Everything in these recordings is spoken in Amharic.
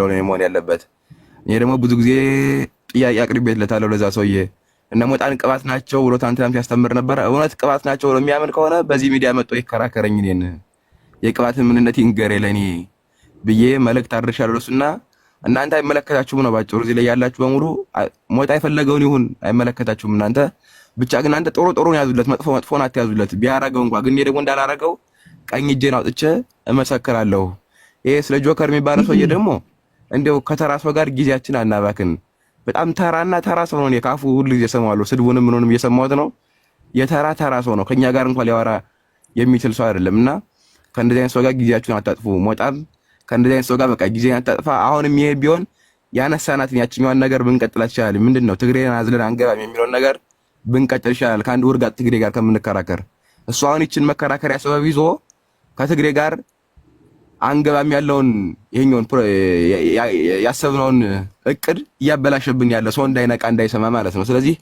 ለሆነ መሆን ያለበት። እኔ ደግሞ ብዙ ጊዜ ጥያቄ አቅርቤለታለሁ ለዛ ሰውዬ እነ ሞጣን ቅባት ናቸው ብሎ ትናንትናም ሲያስተምር ነበረ። እውነት ቅባት ናቸው ብሎ የሚያምን ከሆነ በዚህ ሚዲያ መጥቶ ይከራከረኝ። እኔን የቅባትን ምንነት ይንገሬ ለእኔ ብዬ መልእክት አድርሻለሁ ለእሱና እናንተ አይመለከታችሁም ነው ባጭሩ። እዚህ ላይ ያላችሁ በሙሉ ሞጣ የፈለገውን ይሁን አይመለከታችሁም። እናንተ ብቻ ግን አንተ ጥሩ ጥሩን ያዙለት፣ መጥፎ መጥፎን አትያዙለት። ቢያረገው እንኳ ግን ደግሞ እንዳላረገው ቀኝ እጄን አውጥቼ እመሰክራለሁ። ይሄ ስለ ጆከር የሚባለው ሰውዬ ደግሞ እንደው ከተራ ሰው ጋር ጊዜያችን አናባክን። በጣም ተራና ተራ ሰው ነው። የካፉ ሁሉ ጊዜ ሰማዋለሁ። ስድቡንም ምኑንም እየሰማሁት ነው። የተራ ተራ ሰው ነው። ከኛ ጋር እንኳን ሊያወራ የሚችል ሰው አይደለም። እና ከእንደዚህ አይነት ሰው ጋር ጊዜያችሁን አታጥፉ። ሞጣም ከእንደዚህ አይነት ሰው ጋር በቃ ጊዜ አታጥፋ። አሁንም ይሄ ቢሆን ያነሳናትን ያችኛዋን ነገር ብንቀጥላት ይችላል። ምንድን ነው ትግሬን አዝለን አንገባም የሚለውን ነገር ብንቀጥል ይችላል፣ ከአንድ ውርጋጥ ትግሬ ጋር ከምንከራከር። እሱ አሁን ይችን መከራከሪያ ሰበብ ይዞ ከትግሬ ጋር አንገባም ያለውን ይሄኛውን ያሰብነውን እቅድ እያበላሸብን ያለ ሰው እንዳይነቃ እንዳይሰማ ማለት ነው። ስለዚህ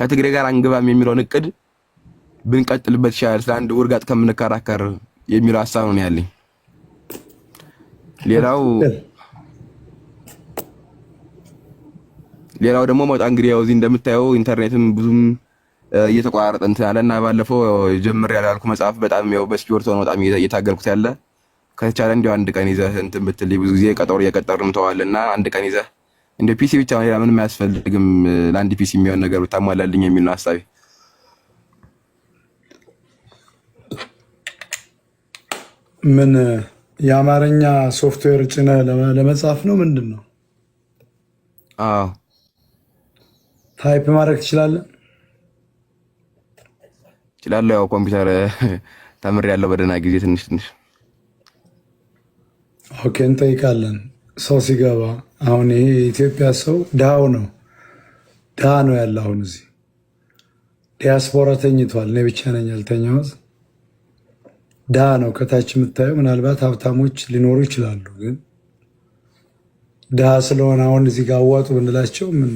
ከትግሬ ጋር አንገባም የሚለውን እቅድ ብንቀጥልበት ይሻላል፣ ስለ አንድ ውርጋጥ ከምንከራከር የሚለው ሀሳብ ነው ያለኝ። ሌላው ሌላው ደግሞ መጣ እንግዲህ ያው እዚህ እንደምታየው ኢንተርኔትም ብዙም እየተቋረጠ እንትን አለ እና ባለፈው ጀምር ያላልኩ መጽሐፍ በጣም ያው በስፒወርት ሆነ በጣም እየታገልኩት ያለ ከተቻለ እንዲያው አንድ ቀን ይዘህ እንትን ብትል ብዙ ጊዜ ቀጠሮ እየቀጠርን ተዋል እና አንድ ቀን ይዘህ እንደ ፒሲ ብቻ ሌላ ምንም አያስፈልግም ለአንድ ፒሲ የሚሆን ነገር ብታሟላልኝ የሚል ነው ሀሳቤ። ምን የአማርኛ ሶፍትዌር ጭነ ለመጻፍ ነው? ምንድን ነው? አዎ ታይፕ ማድረግ ትችላለህ? እችላለሁ። ያው ኮምፒውተር ተምሬያለሁ በደህና ጊዜ ትንሽ ትንሽ ኦኬ እንጠይቃለን። ሰው ሲገባ አሁን ይሄ የኢትዮጵያ ሰው ዳው ነው ዳ ነው ያለ። አሁን እዚህ ዲያስፖራ ተኝቷል። እኔ ብቻ ነኝ ያልተኛሁት። ዳ ነው ከታች የምታየው። ምናልባት ሀብታሞች ሊኖሩ ይችላሉ፣ ግን ዳ ስለሆነ አሁን እዚህ ጋር አዋጡ ብንላቸው ምን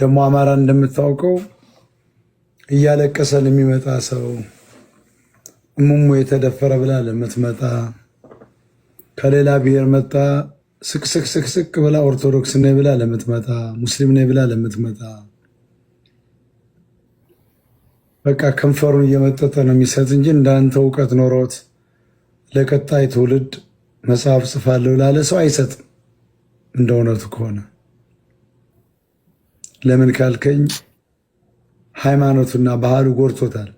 ደግሞ አማራ እንደምታውቀው እያለቀሰን የሚመጣ ሰው እሙሙ የተደፈረ ብላ ለምትመጣ ከሌላ ብሔር መጣ ስቅስቅስቅስቅ ብላ ኦርቶዶክስ ነ ብላ ለምትመጣ ሙስሊም ነ ብላ ለምትመጣ በቃ ከንፈሩን እየመጠጠ ነው የሚሰጥ እንጂ እንዳንተ እውቀት ኖሮት ለቀጣይ ትውልድ መጽሐፍ ጽፋለሁ ላለ ሰው አይሰጥም። እንደ እውነቱ ከሆነ ለምን ካልከኝ ሃይማኖቱና ባህሉ ጎድቶታል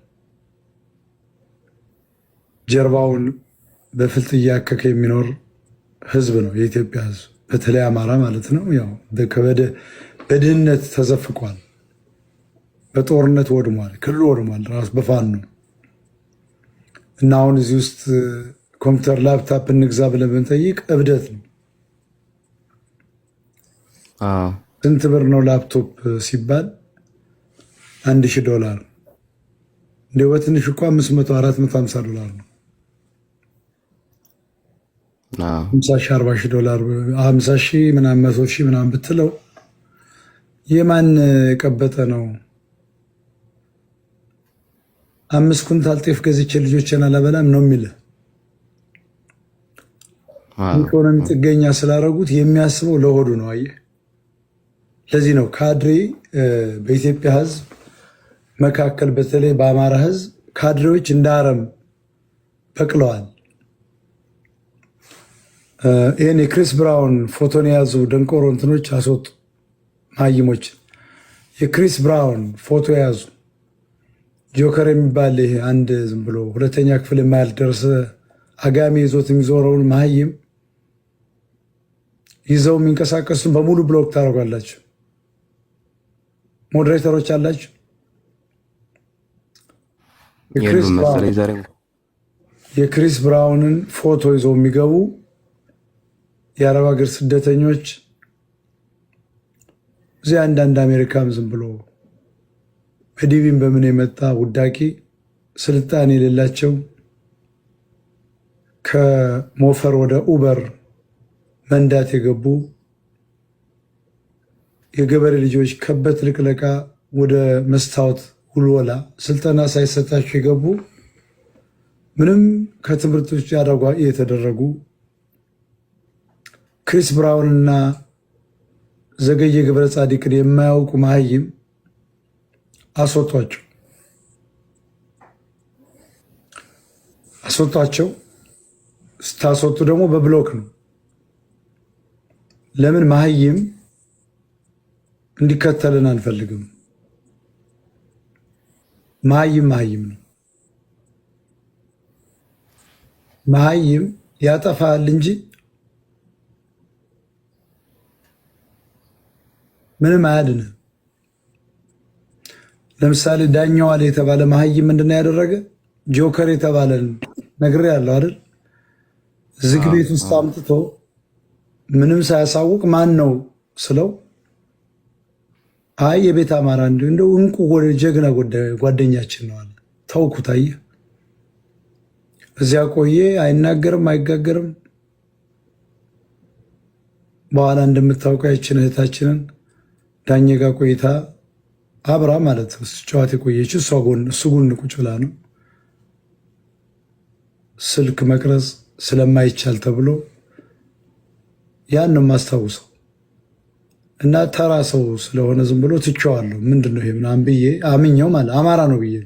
ጀርባውን በፍልጥ እያከከ የሚኖር ህዝብ ነው የኢትዮጵያ ህዝብ፣ በተለይ አማራ ማለት ነው። ያው በድህነት ተዘፍቋል፣ በጦርነት ወድሟል፣ ክልሉ ወድሟል ራሱ በፋኑ እና አሁን እዚህ ውስጥ ኮምፒውተር ላፕታፕ እንግዛ ብለን ብንጠይቅ እብደት ነው። ስንት ብር ነው ላፕቶፕ ሲባል አንድ ሺህ ዶላር እንዲ በትንሽ እኮ አምስት መቶ አራት መቶ ሀምሳ ዶላር ነው። ሀምሳ ሺህ አርባ ሺህ ዶላር ሀምሳ ሺ ምናምን መቶ ሺ ምናምን ብትለው የማን የቀበጠ ነው? አምስት ኩንታል ጤፍ ገዝቼ ልጆችን አላበላም ነው የሚል ኢኮኖሚ ጥገኛ ስላደረጉት የሚያስበው ለሆዱ ነው። አየህ፣ ለዚህ ነው ካድሬ በኢትዮጵያ ሕዝብ መካከል በተለይ በአማራ ሕዝብ ካድሬዎች እንደ አረም በቅለዋል። ይህን የክሪስ ብራውን ፎቶን የያዙ ደንቆሮ እንትኖች አስወጡ። ማይሞች የክሪስ ብራውን ፎቶ የያዙ ጆከር የሚባል ይሄ አንድ ዝም ብሎ ሁለተኛ ክፍል የማያልደርስ አጋሚ ይዞት የሚዞረውን መሀይም ይዘው የሚንቀሳቀሱ በሙሉ ብሎክ ታደርጓላችሁ። ሞዴሬተሮች አላችሁ። የክሪስ ብራውንን ፎቶ ይዘው የሚገቡ የአረብ ሀገር ስደተኞች እዚህ አንዳንድ አሜሪካም ዝም ብሎ በዲቪን በምን የመጣ ውዳቂ ስልጣን የሌላቸው ከሞፈር ወደ ኡበር መንዳት የገቡ የገበሬ ልጆች ከበት ልቅለቃ ወደ መስታወት ውልወላ ስልጠና ሳይሰጣቸው የገቡ ምንም ከትምህርት ውጭ አደጓ የተደረጉ ክሪስ ብራውንና ዘገየ ገብረ ጻዲቅን የማያውቁ መሀይም አስወጧቸው አስወጧቸው። ስታስወጡ ደግሞ በብሎክ ነው። ለምን መሀይም እንዲከተልን አንፈልግም። መሀይም መሀይም ነው። መሀይም ያጠፋል እንጂ ምንም አያድንም። ለምሳሌ ዳኛዋል የተባለ መሀይም ምንድነው ያደረገ? ጆከር የተባለ ነገር ያለው አይደል? ዝግ ቤት ውስጥ አምጥቶ ምንም ሳያሳውቅ ማን ነው ስለው አይ የቤት አማራ እንዲ እንደ እንቁ ጀግና ጓደኛችን ነው አለ። ተውኩት። እዚያ ቆየ። አይናገርም፣ አይጋገርም። በኋላ እንደምታውቀው ያችን እህታችንን ዳኜ ጋር ቆይታ አብራ ማለት ጨዋታ የቆየች እሷ ጎን እሱ ጎን ቁጭ ብላ ነው። ስልክ መቅረጽ ስለማይቻል ተብሎ ያን ማስታውሰው እና ተራ ሰው ስለሆነ ዝም ብሎ ትቼዋለሁ። ምንድን ነው ይሄ ምናምን ብዬ አምኜው ማለት አማራ ነው ብዬ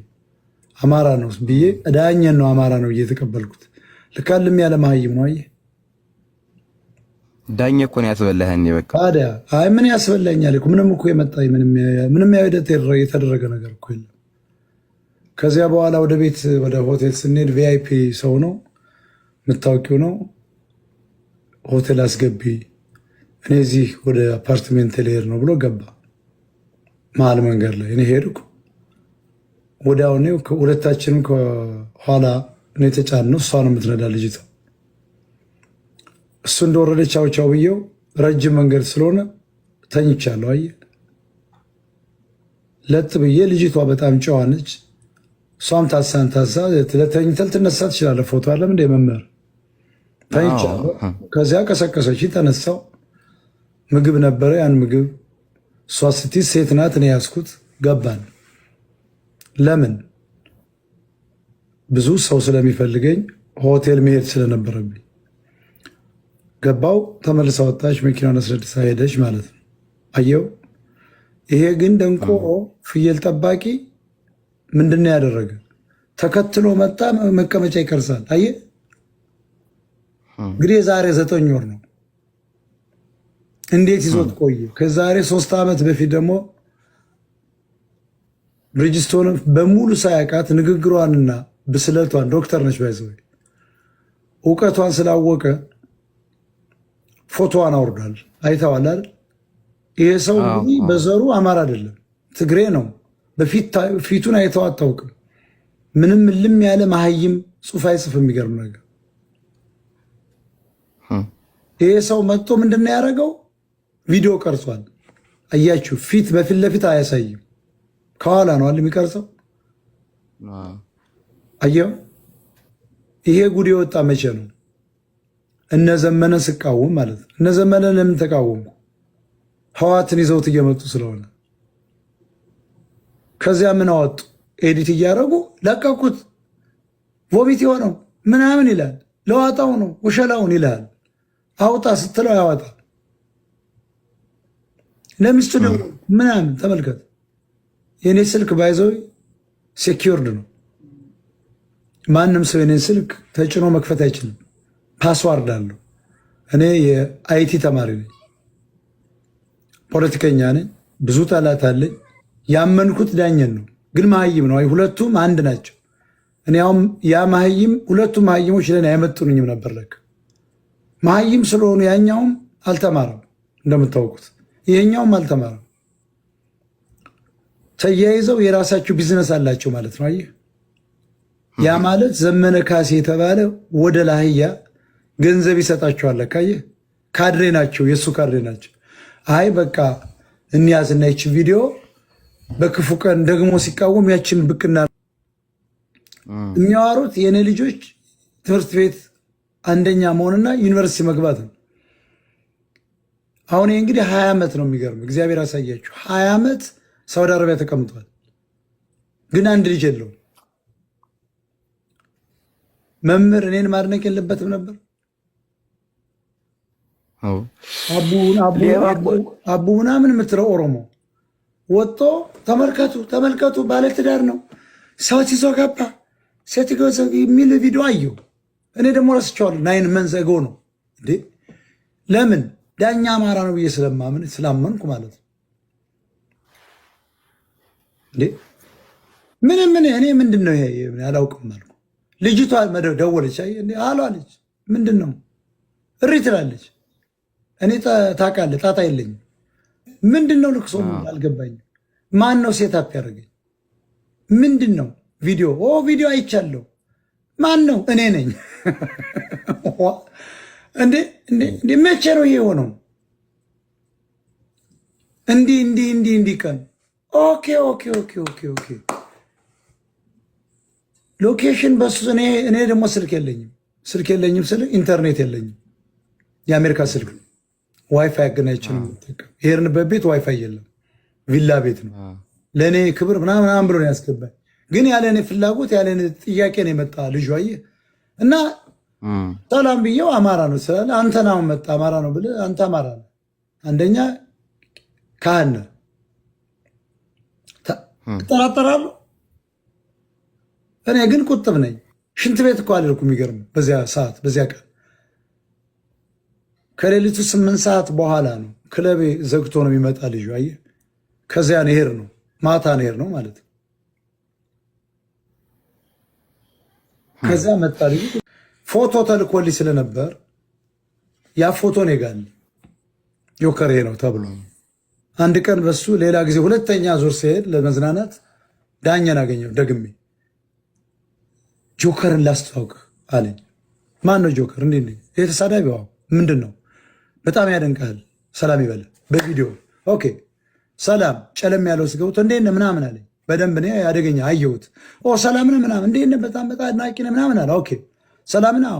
አማራ ነው ብዬ ዳኘን ነው አማራ ነው ብዬ የተቀበልኩት። ልካልም ያለ መሀይም ነው አየህ ዳኛ እኮ ነው ያስበላህን። በቃ ታዲያ አይ ምን ያስበላኛል እኮ ምንም እኮ የመጣ ምንም ያውደት የተደረገ ነገር እኮ የለም። ከዚያ በኋላ ወደ ቤት ወደ ሆቴል ስንሄድ ቪአይፒ ሰው ነው የምታወቂው ነው ሆቴል አስገቢ፣ እኔ እዚህ ወደ አፓርትሜንት ልሄድ ነው ብሎ ገባ። መሀል መንገድ ላይ እኔ ሄድኩ። ወዲያውኑ ሁለታችንም ከኋላ እኔ ተጫን ነው እሷ ነው የምትነዳ ልጅቷ እሱ እንደወረደ ቻው ቻው ብየው ረጅም መንገድ ስለሆነ ተኝቻለሁ። አየ ለት ብዬ ልጅቷ በጣም ጨዋ ነች። እሷም ታሳን ታሳ ለተኝተል ትነሳ ትችላለ። ፎቶ አለም እንደ መምህር ተኝቻለሁ። ከዚያ ቀሰቀሰች፣ ተነሳው። ምግብ ነበረ፣ ያን ምግብ እሷ ስቲ ሴት ናት፣ እኔ ያዝኩት። ገባን። ለምን ብዙ ሰው ስለሚፈልገኝ ሆቴል መሄድ ስለነበረብኝ ገባው፣ ተመልሳ ወጣች፣ መኪናውን አስረድሳ ሄደች ማለት ነው። አየው። ይሄ ግን ደንቆሮ ፍየል ጠባቂ ምንድን ነው ያደረገ? ተከትሎ መጣ፣ መቀመጫ ይከርሳል። አየ እንግዲህ የዛሬ ዘጠኝ ወር ነው። እንዴት ይዞት ቆየ? ከዛሬ ሶስት ዓመት በፊት ደግሞ ብሪጅስቶን በሙሉ ሳያውቃት ንግግሯንና ብስለቷን ዶክተር ነች ባይዘ እውቀቷን ስላወቀ ፎቶዋን አውርዷል። አይተዋል አይደል? ይሄ ሰው በዘሩ አማራ አይደለም ትግሬ ነው። ፊቱን አይተው አታውቅም። ምንም ልም ያለ መሀይም ጽሑፍ አይጽፍ። የሚገርም ነገር ይሄ ሰው መጥቶ ምንድን ነው ያደረገው? ቪዲዮ ቀርጿል። አያችሁ፣ ፊት በፊት ለፊት አያሳይም፣ ከኋላ ነው የሚቀርጸው። አየው፣ ይሄ ጉድ የወጣ መቼ ነው? እነ ዘመነ ስቃወም ማለት ነው። እነ ዘመነ ለምን ተቃወሙ? ህዋትን ይዘውት እየመጡ ስለሆነ ከዚያ ምን አወጡ? ኤዲት እያደረጉ ለቀቁት። ቮሚት የሆነው ምናምን ይላል። ለዋጣው ነው ውሸላውን ይላል። አውጣ ስትለው ያወጣል። ለሚስቱ ደግሞ ምናምን ተመልከት። የኔ ስልክ ባይዘው ሴኪርድ ነው። ማንም ሰው የኔን ስልክ ተጭኖ መክፈት አይችልም። ፓስዋርድ አለው። እኔ የአይቲ ተማሪ ነኝ፣ ፖለቲከኛ ነኝ፣ ብዙ ጠላት አለኝ። ያመንኩት ዳኘን ነው፣ ግን መሀይም ነው። ሁለቱም አንድ ናቸው። እኔ አሁን ያ መሀይም ሁለቱም መሀይሞች ለእኔ አይመጡንኝም ነበር። ለካ መሀይም ስለሆኑ ያኛውም አልተማረም እንደምታውቁት፣ ይሄኛውም አልተማረም። ተያይዘው የራሳቸው ቢዝነስ አላቸው ማለት ነው። አየህ፣ ያ ማለት ዘመነ ካሴ የተባለ ወደ ላህያ ገንዘብ ይሰጣቸዋል። ካየ ካድሬ ናቸው፣ የእሱ ካድሬ ናቸው። አይ በቃ እንያዝና ይችን ቪዲዮ በክፉ ቀን ደግሞ ሲቃወም ያችን ብቅና የሚያዋሩት የእኔ ልጆች ትምህርት ቤት አንደኛ መሆንና ዩኒቨርሲቲ መግባት ነው። አሁን እንግዲህ ሀያ ዓመት ነው። የሚገርም እግዚአብሔር አሳያችሁ። ሀያ ዓመት ሳውዲ አረቢያ ተቀምጧል፣ ግን አንድ ልጅ የለውም። መምህር እኔን ማድነቅ የለበትም ነበር? አቡ ምናምን የምትለው ኦሮሞ ወጦ ተመልከቱ ተመልከቱ፣ ባለትዳር ነው ሰው ይዞ ገባ ሴት የሚል ቪዲዮ አየሁ። እኔ ደግሞ ረስቸዋለሁ። ናይን መንዘጎ ነው እንዴ? ለምን ዳኛ አማራ ነው ብዬ ስለማምን ስላመንኩ ማለት ነው ምን ምን እኔ ምንድን ነው ይሄ አላውቅም አልኩ። ልጅቷ ደወለች፣ አይ አሏ ምንድን ነው እሪ ትላለች እኔ ታውቃለህ፣ ጣጣ የለኝም። ምንድን ነው ልክሶ አልገባኝም። ማን ነው ሴት አፕ ያደረገኝ? ምንድን ነው ቪዲዮ? ኦ ቪዲዮ አይቻለሁ። ማን ነው? እኔ ነኝ። እንዴ መቼ ነው ይሄ የሆነው? እንዲህ እንዲህ እንዲህ እንዲህ ቀን ኦኬ ኦኬ ኦኬ ኦኬ ኦኬ ሎኬሽን በሱ እኔ ደግሞ ስልክ የለኝም። ስልክ የለኝም ስልክ ኢንተርኔት የለኝም። የአሜሪካ ስልክ ነው። ዋይፋይ አገናኝችን ምጠቀም የሄድንበት ቤት ዋይፋይ የለም፣ ቪላ ቤት ነው። ለእኔ ክብር ምናምን ብሎ ነው ያስገባኝ። ግን ያለ እኔ ፍላጎት ያለ እኔ ጥያቄ ነው የመጣ ልጁ አየ እና ሰላም ብዬው አማራ ነው ስላለ አንተ ናሁን መጣ አማራ ነው ብለህ አንተ አማራ ነው አንደኛ ካህን ነህ እጠራጠራለሁ። እኔ ግን ቁጥብ ነኝ። ሽንት ቤት እኮ አልልኩም። የሚገርም በዚያ ሰዓት በዚያ ቀን ከሌሊቱ ስምንት ሰዓት በኋላ ነው ክለቤ ዘግቶ ነው የሚመጣ ልጁ። አየ ከዚያ ንሄር ነው ማታ ንሄር ነው ማለት ነው። ከዚያ መጣ ልጁ። ፎቶ ተልኮልኝ ስለነበር ያ ፎቶ እኔ ጋር ጆከር ነው ተብሎ አንድ ቀን በሱ ሌላ ጊዜ ሁለተኛ ዙር ሲሄድ ለመዝናናት ዳኛን አገኘው ደግሜ ጆከርን ላስተዋውቅህ አለኝ። ማን ነው ጆከር? እንዲ የተሳዳቢ ምንድን ነው በጣም ያደንቃል። ሰላም ይበል በቪዲዮ ኦኬ። ሰላም ጨለም ያለው ስገቡት እንዴት ነህ ምናምን አለኝ። በደንብ እኔ አደገኛ አየሁት። ኦ ሰላም ነህ ምናምን እንዴት ነህ በጣም በጣም አድናቂ ነህ ምናምን አለ። ኦኬ ሰላም ነህ?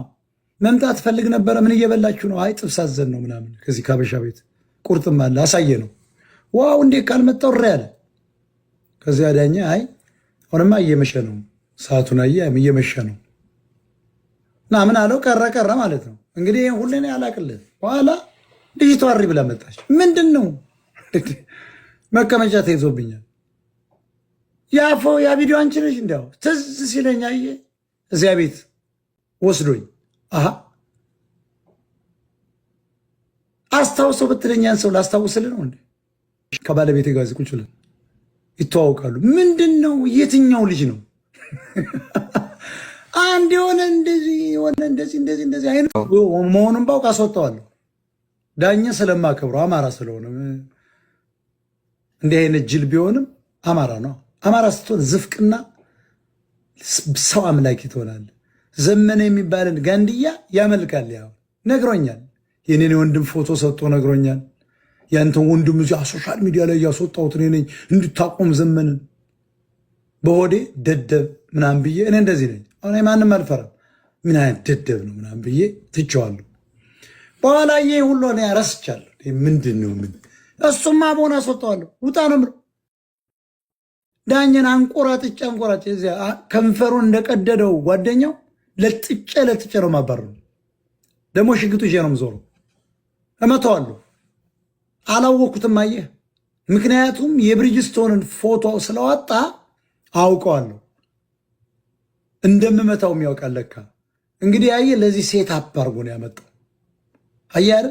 መምጣት ፈልግ ነበረ። ምን እየበላችሁ ነው? አይ ጥብስ አዘን ነው ምናምን ከዚህ ካበሻ ቤት ቁርጥም አለ አሳየ ነው። ዋው እንዴት ካልመጣሁ ሬ አለ። ከዚያ ዳኛ አይ አሁንማ እየመሸ ነው ሰዓቱን አየ እየመሸ ነው ምን አለው። ቀረ ቀረ ማለት ነው እንግዲህ ሁሌ አላቅልህ በኋላ ልጅቷ እሪ ብላ መጣች። ምንድን ነው መቀመጫ ተይዞብኛል። ያፎ ያ ቪዲዮ አንቺ ነሽ እንዲያው ትዝ ሲለኛ ይ እዚያ ቤት ወስዶኝ አ አስታውሰው ብትለኛን ሰው ላስታውስልን ነው እንዴ? ከባለቤቴ ጋር ቁጭ ብለን ይተዋወቃሉ። ምንድን ነው የትኛው ልጅ ነው? አንድ የሆነ እንደዚህ የሆነ እንደዚህ እንደዚህ እንደዚህ አይነት መሆኑን ባውቅ አስወጥተዋለሁ። ዳኘ ስለማከብረው አማራ ስለሆነ እንዲህ አይነት ጅል ቢሆንም አማራ ነው። አማራ ስትሆን ዝፍቅና ሰው አምላኪ ትሆናል። ዘመነ የሚባልን ጋንድያ ያመልካል። ያው ነግሮኛል። የኔን የወንድም ፎቶ ሰጥቶ ነግሮኛል። ያንተ ወንድም እዚያ ሶሻል ሚዲያ ላይ እያስወጣሁት እኔ ነኝ እንድታቆም ዘመንን በሆዴ ደደብ ምናምን ብዬ እኔ እንደዚህ ነኝ። አሁን ማንም አልፈራም። ምን አይነት ደደብ ነው ምናምን ብዬ ትቼዋለሁ። በኋላ ይሄ ሁሉ ነው ረስቻለሁ። ምንድን ነው ምን እሱም አቦን አስወጣዋለሁ። ውጣ ነው ዳኘን አንቆራጥጬ አንቆራጭ እዚያ ከንፈሩን እንደቀደደው ጓደኛው ለጥጨ ለጥጨ ነው ማባረሩ። ደግሞ ሽግጡ ይዤ ነው የምዞረው። እመተዋለሁ። አላወቅኩትም። አየህ፣ ምክንያቱም የብሪጅስቶንን ፎቶ ስለዋጣ አውቀዋለሁ። እንደምመታው የሚያውቃለካ። እንግዲህ አየህ፣ ለዚህ ሴት አባርጎ ነው ያመጣው። አያር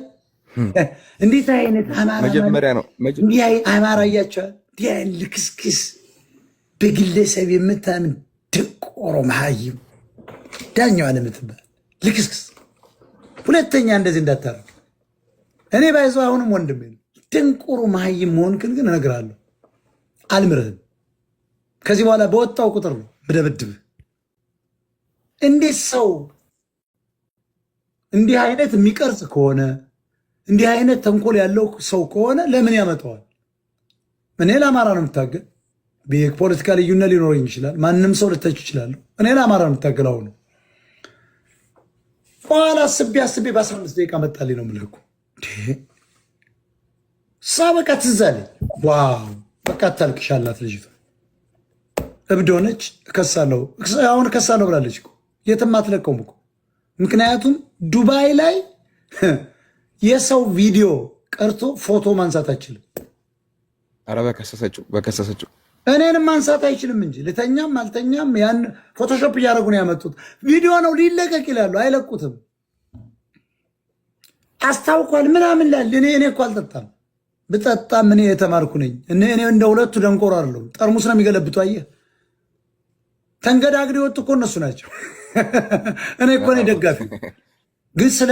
እንዴት አይነት አማራ ነው። እንዲህ አማራ እያቸዋል እንዲህ አይነት ልክስክስ በግለሰብ የምታምን ደቆሮ መሀይም ዳኛዋን የምትባል ልክስክስ፣ ሁለተኛ እንደዚህ እንዳታረግ። እኔ ባይዘው አሁንም ወንድሜ ነው። ደንቆሮ መሀይም መሆንክን ግን እነግርሃለሁ፣ አልምርህም። ከዚህ በኋላ በወጣው ቁጥር ነው ብደብድብህ። እንዴት ሰው እንዲህ አይነት የሚቀርጽ ከሆነ እንዲህ አይነት ተንኮል ያለው ሰው ከሆነ ለምን ያመጣዋል? እኔ ለአማራ ነው የምታገል። ፖለቲካ ልዩነት ሊኖረኝ ይችላል። ማንም ሰው ልተች ይችላሉ። እኔ ለአማራ ነው የምታገል። አሁኑ በኋላ አስቤ አስቤ በአስራ አምስት ደቂቃ መጣልኝ ነው የምልህ እኮ እሷ በቃ ትዝ አለኝ። ዋው በቃ ታልቅሽ አላት ልጅቷ። እብድ ሆነች። እከሳለሁ፣ አሁን እከሳለሁ ብላለች። የትም አትለቀውም እኮ ምክንያቱም ዱባይ ላይ የሰው ቪዲዮ ቀርቶ ፎቶ ማንሳት አይችልም። ኧረ በከሰሰችው በከሰሰችው እኔንም ማንሳት አይችልም እንጂ ልተኛም አልተኛም ያን ፎቶሾፕ እያደረጉ ነው ያመጡት። ቪዲዮ ነው ሊለቀቅ ይላሉ፣ አይለቁትም። አስታውኳል ምናምን ላል እኔ እኔ እኮ አልጠጣም ብጠጣም እኔ የተማርኩ ነኝ። እኔ እንደ ሁለቱ ደንቆሮ አይደለሁም። ጠርሙስ ነው የሚገለብጡ። አየህ ተንገዳግድ ወጡ እኮ እነሱ ናቸው። እኔ እኮ ነኝ ደጋፊ ግን ስለ